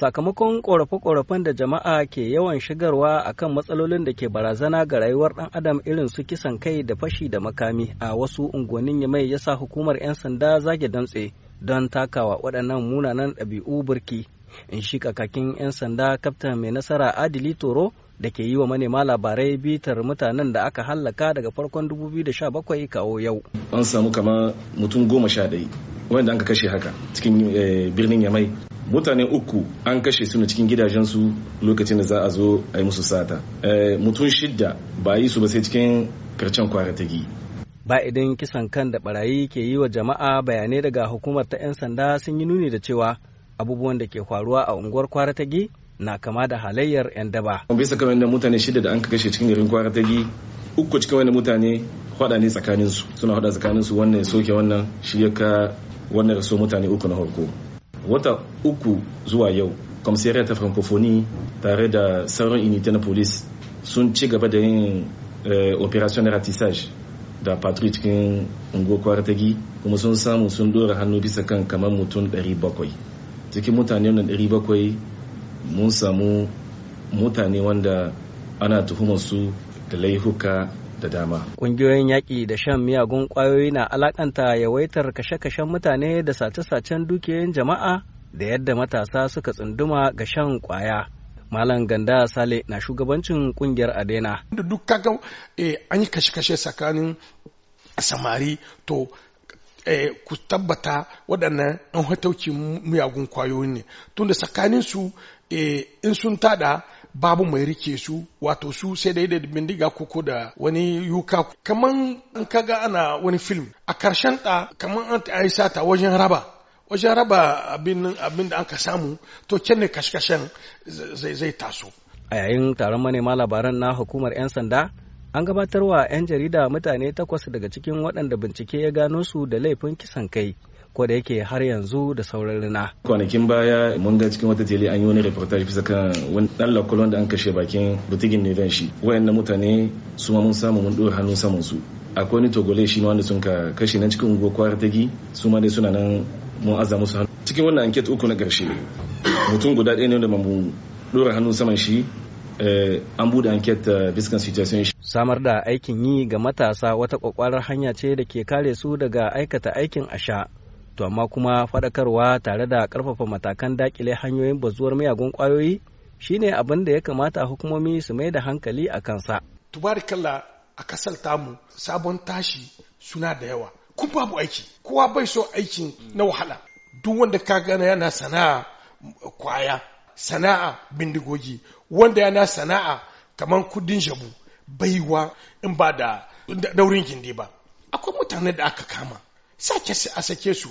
sakamakon ƙorafe-ƙorafen da jama'a ke yawan shigarwa a kan matsalolin da ke barazana ga rayuwar ɗan adam irin su kisan kai da fashi da makami a wasu unguwannin yamai ya sa hukumar 'yan sanda zage dantse don takawa waɗannan munanan ɗabi'u burki in shi kakakin 'yan sanda kaftan mai nasara adili toro da ke yi wa manema labarai bitar mutanen da aka hallaka daga farkon 2017 kawo yau. An samu kama mutum goma sha ɗaya wanda an ka kashe haka cikin eh, birnin Yamai mutane uku an kashe su na cikin gidajensu lokacin da za a zo a yi musu sata eh, mutum shidda ba yi su ba sai cikin karcen gi ba idan kisan kan da barayi ke yi wa jama'a bayanai daga hukumar ta 'yan sanda sun yi nuni da cewa abubuwan da ke faruwa a unguwar gi na kama da halayyar 'yan daba bisa kamar da mutane shidda da an kashe cikin garin kwaratagi uku cikin wani mutane hada ne tsakaninsu suna hada tsakaninsu wannan soke wannan shi ya ka wannan raso mutane uku na farko wata uku zuwa yau kwamsiyar ta francophonie tare da sauran unité na police sun ci gaba da yin eh, operation ratissage da patrick cikin unguwar kuma sun samu sun dora hannu bisa kan kamar mutum 700 cikin mutane wanda 700 mun samu mutane wanda ana tuhumar su da laifuka da dama. Ƙungiyoyin yaƙi da shan miyagun ƙwayoyi na alakanta yawaitar kashe-kashen mutane da sace-sacen dukiyoyin jama'a da yadda matasa suka tsunduma ga shan ƙwaya. Malam Ganda Sale na shugabancin ƙungiyar Adena. Da duk kaga eh, an yi kashe-kashe tsakanin samari to eh, ku tabbata waɗannan an hatauci miyagun kwayoyin ne tunda tsakanin su tsakaninsu eh, in sun tada babu mai rike su wato su sai dai da bindiga koko da wani yuka kaman an kaga ana wani film a karshen ta kaman an ta yi sata wajen raba wajen raba abin abin da an ka samu to can ne kashkashen zai taso a yayin taron manema labaran na hukumar 'yan sanda an gabatarwa 'yan jarida mutane takwas daga cikin waɗanda bincike ya gano su da laifin kisan kai ko da yake har yanzu da sauran rina. Kwanakin baya mun ga cikin wata tele an yi wani reportage bisa kan wani dan lakulon da an kashe bakin butigin ne dan shi. Wayannan mutane su ma mun samu mun ɗora hannun saman su. Akwai wani togole shi ne wanda sun ka kashe nan cikin unguwar kwara tagi su ma dai suna nan mun azza musu hannu. Cikin wannan anket uku na ƙarshe mutum guda ɗaya ne wanda mun ɗora hannun saman shi eh, an bude anket eh, biskan situation shi. Samar da aikin yi ga matasa wata kwakwarar hanya ce da ke kare su daga aikata aikin asha to amma kuma fadakarwa tare da ƙarfafa matakan dakile hanyoyin bazuwar miyagun ƙwayoyi shine abin da ya kamata hukumomi su mai da hankali a kansa tubarikalla a kasar tamu sabon tashi suna da yawa kun babu aiki kowa bai so aikin na wahala duk wanda ka gana yana sana'a kwaya sana'a bindigogi wanda yana sana'a kamar kudin shabu baiwa in ba da daurin gindi ba akwai mutane da aka kama sake a sake su